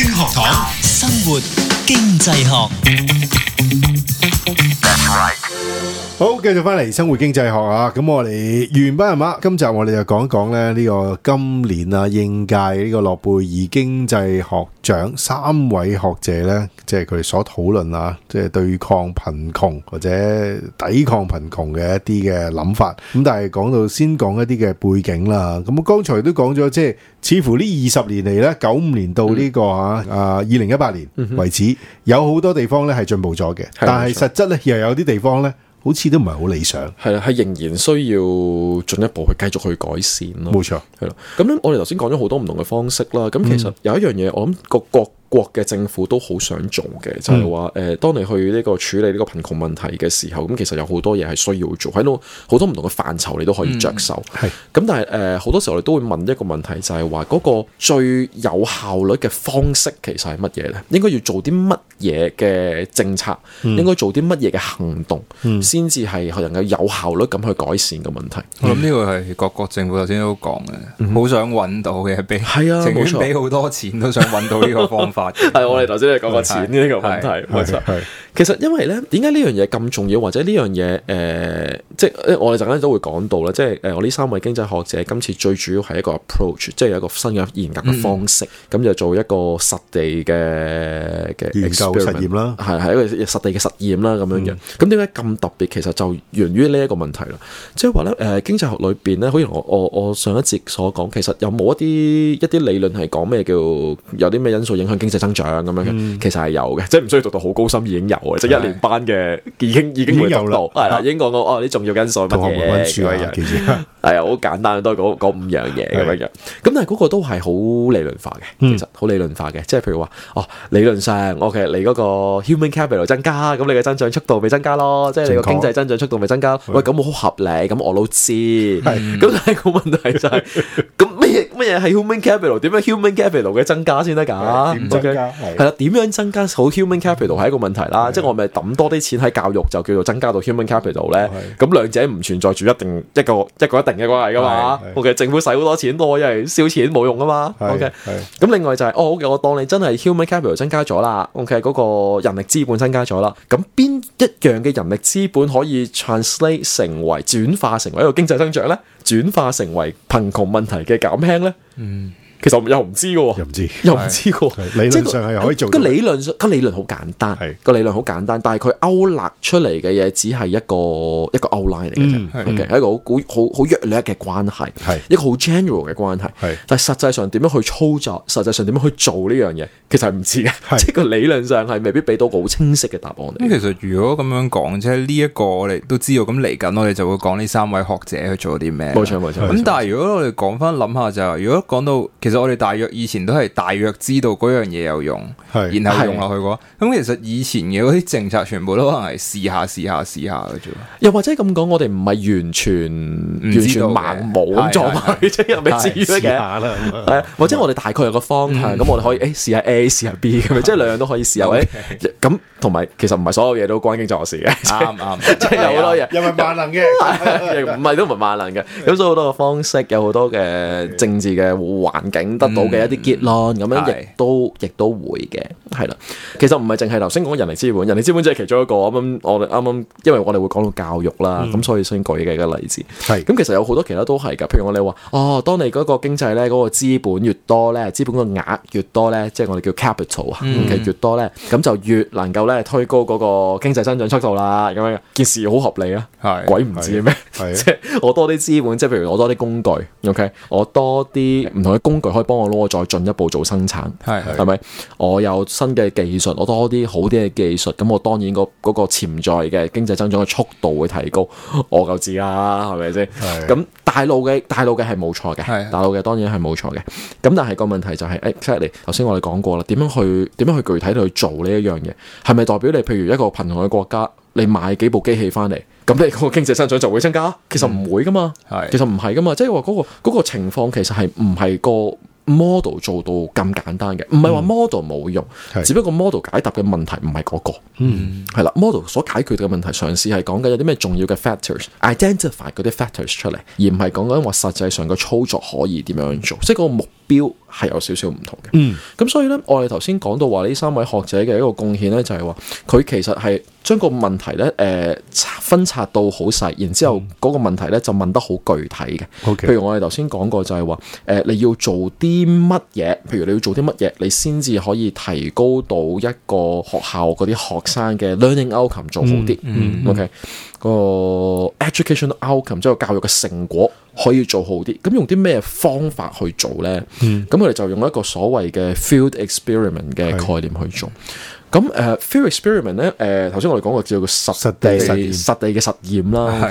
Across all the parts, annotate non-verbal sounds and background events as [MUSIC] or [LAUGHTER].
經學堂，生活經濟學。 [LAUGHS] 好，繼續翻嚟生活經濟學啊！咁我哋，原班人馬，今集我哋就講一講咧呢個今年啊應屆呢個諾貝爾經濟學獎三位學者咧，即係佢所討論啊，即係對抗貧窮或者抵抗貧窮嘅一啲嘅諗法。咁但係講到先講一啲嘅背景啦。咁我剛才都講咗，即係似乎呢二十年嚟咧，九五年到呢個啊啊二零一八年為止，嗯、哼有好多地方咧係進步咗嘅，嗯、哼但係實質咧又有啲地方咧。好似都唔係好理想，係啦，係仍然需要進一步去繼續去改善咯。冇錯，係啦。咁咧，我哋頭先講咗好多唔同嘅方式啦。咁其實有一樣嘢，嗯、我諗個各國嘅政府都好想做嘅，就係話誒，當你去呢個處理呢個貧窮問題嘅時候，咁其實有好多嘢係需要做，喺度好多唔同嘅範疇，你都可以着手。係咁、嗯，但係誒，好、呃、多時候你都會問一個問題，就係話嗰個最有效率嘅方式，其實係乜嘢咧？應該要做啲乜？嘢嘅政策應該做啲乜嘢嘅行動，先至係能夠有效率咁去改善嘅問題。我諗呢個係各國政府頭先都講嘅，好、嗯、想揾到嘅俾，係啊，情願俾好多錢都想揾到呢個方法。係我哋頭先係講過錢呢個問題，冇錯。其實因為咧，點解呢樣嘢咁重要，或者呢樣嘢誒，即係我哋陣間都會講到啦。即係誒我呢三位經濟學者今次最主要係一個 approach，即係有一個新嘅嚴格嘅方式，咁就、嗯、做一個實地嘅嘅研究實驗啦，係係一個實地嘅實驗啦咁樣樣。咁點解咁特別？其實就源於呢一個問題啦，即係話咧誒經濟學裏邊咧，好似我我我上一節所講，其實有冇一啲一啲理論係講咩叫有啲咩因素影響經濟增長咁樣？嗯、其實係有嘅，即係唔需要讀到好高深已經有。即一年班嘅，已經已經有到係啦，已經講過哦啲重要因素乜嘢？係啊，好簡單都係嗰五樣嘢咁樣樣。咁但係嗰個都係好理論化嘅，其實好理論化嘅，即係譬如話哦，理論上，O K，你嗰個 human capital 增加，咁你嘅增長速度咪增加咯，即係你個經濟增長速度咪增加。喂，咁好合理，咁我都知。咁但係個問題就係，咁乜嘢乜嘢係 human capital？點樣 human capital 嘅增加先得噶？點樣增加係啦？點樣增加好 human capital 係一個問題啦。即係、 [NOISE] 就是、我咪抌多啲錢喺教育，就叫做增加到 human capital 咧。咁、 [NOISE] 啊、兩者唔存在住一定一個一個一定嘅關係噶嘛、， [NOISE] [NOISE] okay，嘛。O.K. 政府使好多錢，因為燒錢冇用啊嘛。O.K. 咁另外就係、是，哦好嘅，我當你真係 human capital 增加咗啦。O.K. 嗰個人力資本增加咗啦。咁邊一樣嘅人力資本可以 translate 成為轉化成為一個經濟增長咧？轉化成為貧窮問題嘅減輕咧？嗯。其實又唔知嘅，又唔知，又唔知嘅。理論上係可以做。個理論上個理論好簡單，個理論好簡單。但係佢勾勒出嚟嘅嘢只係一個一個 outline 嚟嘅，啫。嘅，一個好古好好弱嘅關係，係一個好 general 嘅關係。但係實際上點樣去操作，實際上點樣去做呢樣嘢，其實唔知嘅。即係個理論上係未必俾到個好清晰嘅答案。其實如果咁樣講，即係呢一個我哋都知道。咁嚟緊我哋就會講呢三位學者去做啲咩？冇錯冇錯。咁但係如果我哋講翻諗下就係，如果講到。其實我哋大約以前都係大約知道嗰樣嘢有用，然後用落去嘅話。咁其實以前嘅嗰啲政策，全部都可能係試下試下試下嘅啫。又或者咁講，我哋唔係完全完全盲冇咁做埋，即係又未至於試或者我哋大概有個方向，咁我哋可以誒試下 A，試下 B，咁即係兩樣都可以試下。誒咁同埋，其實唔係所有嘢都關經濟事嘅。啱啱即係有好多嘢，又唔係萬能嘅，唔係都唔係萬能嘅。咁所以好多嘅方式，有好多嘅政治嘅環境。整得到嘅一啲結論咁樣，亦都亦都會嘅。係啦，其實唔係淨係頭先講人力資本，人力資本只係其中一個咁。剛剛我哋啱啱，剛剛因為我哋會講到教育啦，咁、嗯、所以先舉嘅一個例子。係咁、嗯，其實有好多其他都係噶，譬如我哋話哦，當你嗰個經濟咧，嗰、那個資本越多咧，資本個額越多咧，即係我哋叫 capital 啊，OK 越多咧，咁就越能夠咧推高嗰個經濟增長速度啦。咁樣件事好合理是啊，鬼唔知咩？即 [LAUGHS] 我多啲資本，即係譬如我多啲工具，O、okay? K，我多啲唔同嘅工具可以幫我攞，我再進一步做生產，係咪、啊？我有。新嘅技術，我多啲好啲嘅技術，咁我當然嗰嗰個潛在嘅經濟增長嘅速度會提高，我夠知啦，係咪先？咁的大陸嘅大陸嘅係冇錯嘅，大陸嘅的當然係冇錯嘅。咁但係個問題就係、是，誒，Charlie 頭先我哋講過啦，點樣去點樣去具體去做呢一樣嘢？係咪代表你譬如一個貧窮嘅國家，你買幾部機器翻嚟，咁你個經濟增長就會增加？其實唔會噶嘛，嗯、其實唔係噶嘛，的即係話嗰個嗰、個情況其實係唔係個。model 做到咁簡單嘅，唔係話 model 冇用，嗯、只不過 model 解答嘅問題唔係嗰個，係啦、嗯、model 所解決嘅問題，嘗試係講緊有啲咩重要嘅 factors，identify 嗰啲 factors 出嚟，而唔係講緊話實際上個操作可以點樣做，即係個目標係有少少唔同嘅，嗯，咁所以咧，我哋頭先講到話呢三位學者嘅一個貢獻咧，就係話佢其實係將、呃、個問題咧，誒分拆到好細，然之後嗰個問題咧就問得好具體嘅，嗯、譬如我哋頭先講過就係話，誒、呃、你要做啲乜嘢？譬如你要做啲乜嘢，你先至可以提高到一個學校嗰啲學生嘅 learning outcome 做好啲、嗯，嗯，嗯，OK，嗰個 education outcome 即係教育嘅成果。可以做好啲，咁用啲咩方法去做咧？咁我哋就用一個所謂嘅 field experiment 嘅概念去做。咁誒，field experiment 咧，誒頭先我哋講過叫做實地實地嘅實驗啦。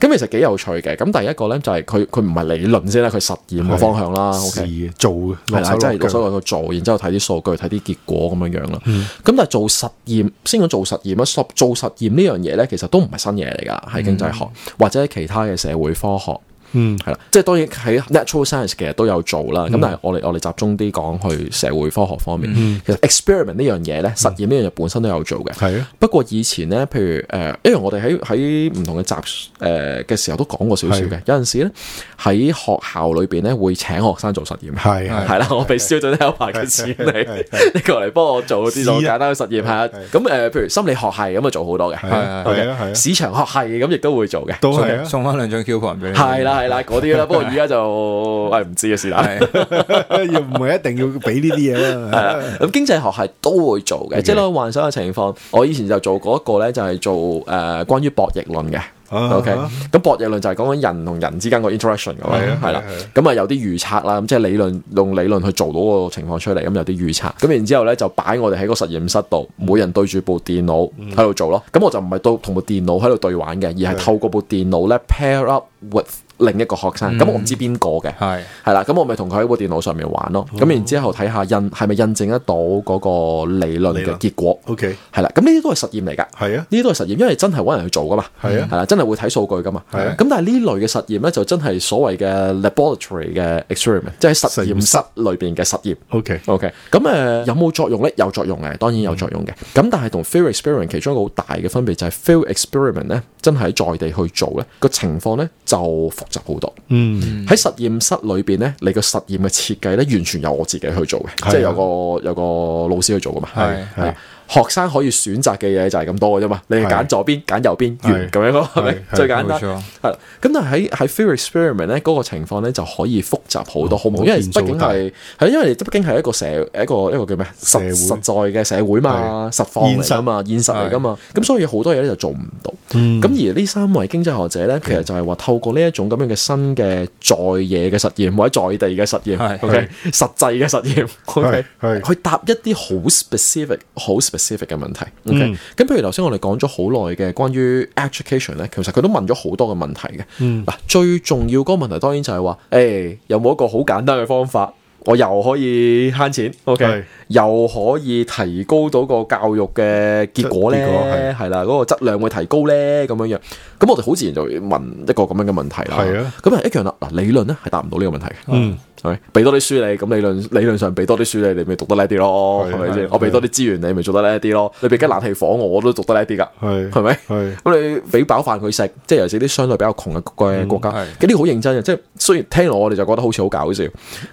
咁其實幾有趣嘅。咁第一個咧就係佢佢唔係理論先啦，佢實驗嘅方向啦，做係啦，即係所謂嘅做，然之後睇啲數據、睇啲結果咁樣樣啦。咁但係做實驗，先講做實驗啦。做實驗呢樣嘢咧，其實都唔係新嘢嚟㗎，係經濟學或者其他嘅社會科學。嗯，係啦，即係當然喺 natural science 其實都有做啦，咁但係我哋我哋集中啲講去社會科學方面，其實 experiment 呢樣嘢咧，實驗呢樣嘢本身都有做嘅，係啊。不過以前咧，譬如誒，因為我哋喺喺唔同嘅集誒嘅時候都講過少少嘅，有陣時咧喺學校裏邊咧會請學生做實驗，係係啦，我俾燒咗啲一百嘅錢你，你過嚟幫我做啲咁簡單嘅實驗吓，咁誒，譬如心理學系咁啊，做好多嘅，係啊，係市場學系咁亦都會做嘅，都係送翻兩張 coupon 俾你，係啦。係啦，嗰啲啦，不過而家就喂，唔知嘅事啦，要唔係一定要俾呢啲嘢啦。咁經濟學系都會做嘅，即係咧，幻想嘅情況，我以前就做過一個咧，就係做誒關於博弈論嘅。OK，咁博弈論就係講緊人同人之間個 interaction 咁樣，係啦。咁啊有啲預測啦，咁即係理論用理論去做到個情況出嚟，咁有啲預測。咁然之後咧就擺我哋喺個實驗室度，每人對住部電腦喺度做咯。咁我就唔係到同部電腦喺度對玩嘅，而係透過部電腦咧 pair up with。另一個學生咁，我唔知邊個嘅係係啦。咁我咪同佢喺部電腦上面玩咯。咁然之後睇下印係咪印證得到嗰個理論嘅結果。O K 係啦。咁呢啲都係實驗嚟㗎。係啊，呢啲都係實驗，因為真係揾人去做㗎嘛。係啊，係啦，真係會睇數據㗎嘛。係啊。咁但係呢類嘅實驗咧，就真係所謂嘅 laboratory 嘅 experiment，即係實驗室裏邊嘅實驗。O K O K。咁誒有冇作用咧？有作用嘅，當然有作用嘅。咁但係同 field experiment 其中一個好大嘅分別就係 field experiment 咧，真係喺在地去做咧個情況咧。就複雜好多。嗯，喺實驗室裏邊咧，你個實驗嘅設計咧，完全由我自己去做嘅，即係的有個有個老師去做噶嘛，係係的。的學生可以選擇嘅嘢就係咁多嘅啫嘛，你係揀左邊，揀右邊，完咁樣咯，係咪最簡單？係咁，但係喺 field experiment 咧，嗰個情況咧就可以複雜好多，好冇？因為畢竟係係因為畢竟係一個社一個一個叫咩實實在嘅社會嘛，實況嚟噶嘛，現實嚟噶嘛，咁所以好多嘢咧就做唔到。咁而呢三位經濟學者咧，其實就係話透過呢一種咁樣嘅新嘅在嘢嘅實驗，或者在地嘅實驗，OK，實際嘅實驗，OK，去答一啲好 specific，好。specific 嘅問題，OK 咁譬如頭先我哋講咗好耐嘅關於 education 咧，其實佢都問咗好多嘅問題嘅。嗱，最重要個問題當然就係話，誒、欸，有冇一個好簡單嘅方法？我又可以慳錢，OK，又可以提高到個教育嘅結果咧，係啦，嗰個質量會提高咧，咁樣樣。咁我哋好自然就問一個咁樣嘅問題啦。係啊，咁一樣啦，嗱，理論咧係答唔到呢個問題嘅。嗯，係，俾多啲書你，咁理論理論上俾多啲書你，你咪讀得叻啲咯，係咪先？我俾多啲資源你，咪做得叻啲咯。你俾間冷氣房我，我都讀得叻啲㗎，係，係咪？係。咁你俾飽飯佢食，即係尤其是啲相對比較窮嘅國家，嗰啲好認真嘅，即係雖然聽落我哋就覺得好似好搞笑，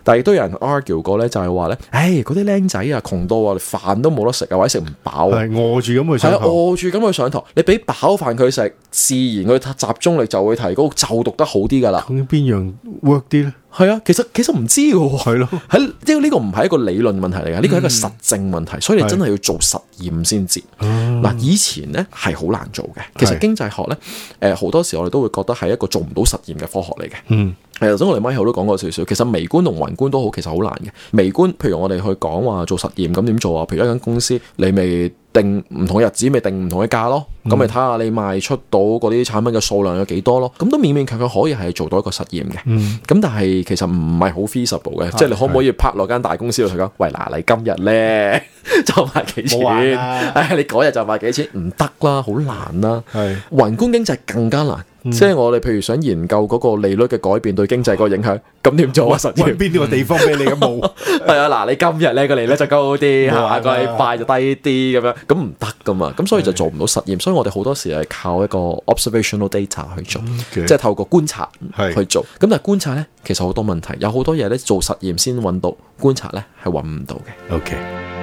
但係亦都有人。argue 過咧就係話咧，誒嗰啲僆仔啊，窮到啊，飯都冇得食啊，或者食唔飽，係餓住咁去上，係餓住咁去上堂。你俾飽飯佢食，自然佢集中力就會提高，那個、就讀得好啲㗎喇。咁邊樣 work 啲咧？係啊，其實其實唔知喎，係咯的，喺即呢個唔係一個理論問題嚟嘅，呢個係一個實證問題，嗯、所以你真係要做實驗先至。嗱、嗯，以前咧係好難做嘅，其實經濟學咧，誒、呃、好多時我哋都會覺得係一個做唔到實驗嘅科學嚟嘅。嗯，係頭先我哋孖友都講過少少，其實微觀同宏觀都好，其實好難嘅。微觀，譬如我哋去講話做實驗，咁點做啊？譬如一間公司，你未……定唔同日子咪定唔同嘅價咯，咁咪睇下你賣出到嗰啲產品嘅數量有幾多咯，咁都勉勉強強可以係做到一個實驗嘅。咁、嗯、但係其實唔係好 feasible 嘅，啊、即係你可唔可以拍落間大公司度佢講，的喂嗱，你今日咧 [LAUGHS] 就賣幾錢？ [LAUGHS] 你嗰日就賣幾錢？唔得啦，好難啦。係宏的觀經濟更加難。嗯、即係我哋，譬如想研究嗰個利率嘅改變對經濟個影響，咁點、嗯、做啊？實際邊啲個地方俾你嘅？冇係啊？嗱，你今日呢個利率就高啲， [LAUGHS] 下個禮拜就低啲咁樣，咁唔得噶嘛？咁所以就做唔到實驗。是所以我哋好多時係靠一個 observational data 去做，Okay. 即係透過觀察去做。咁是但係觀察呢，其實好多問題，有好多嘢呢做實驗先揾到，觀察呢係揾唔到嘅。OK。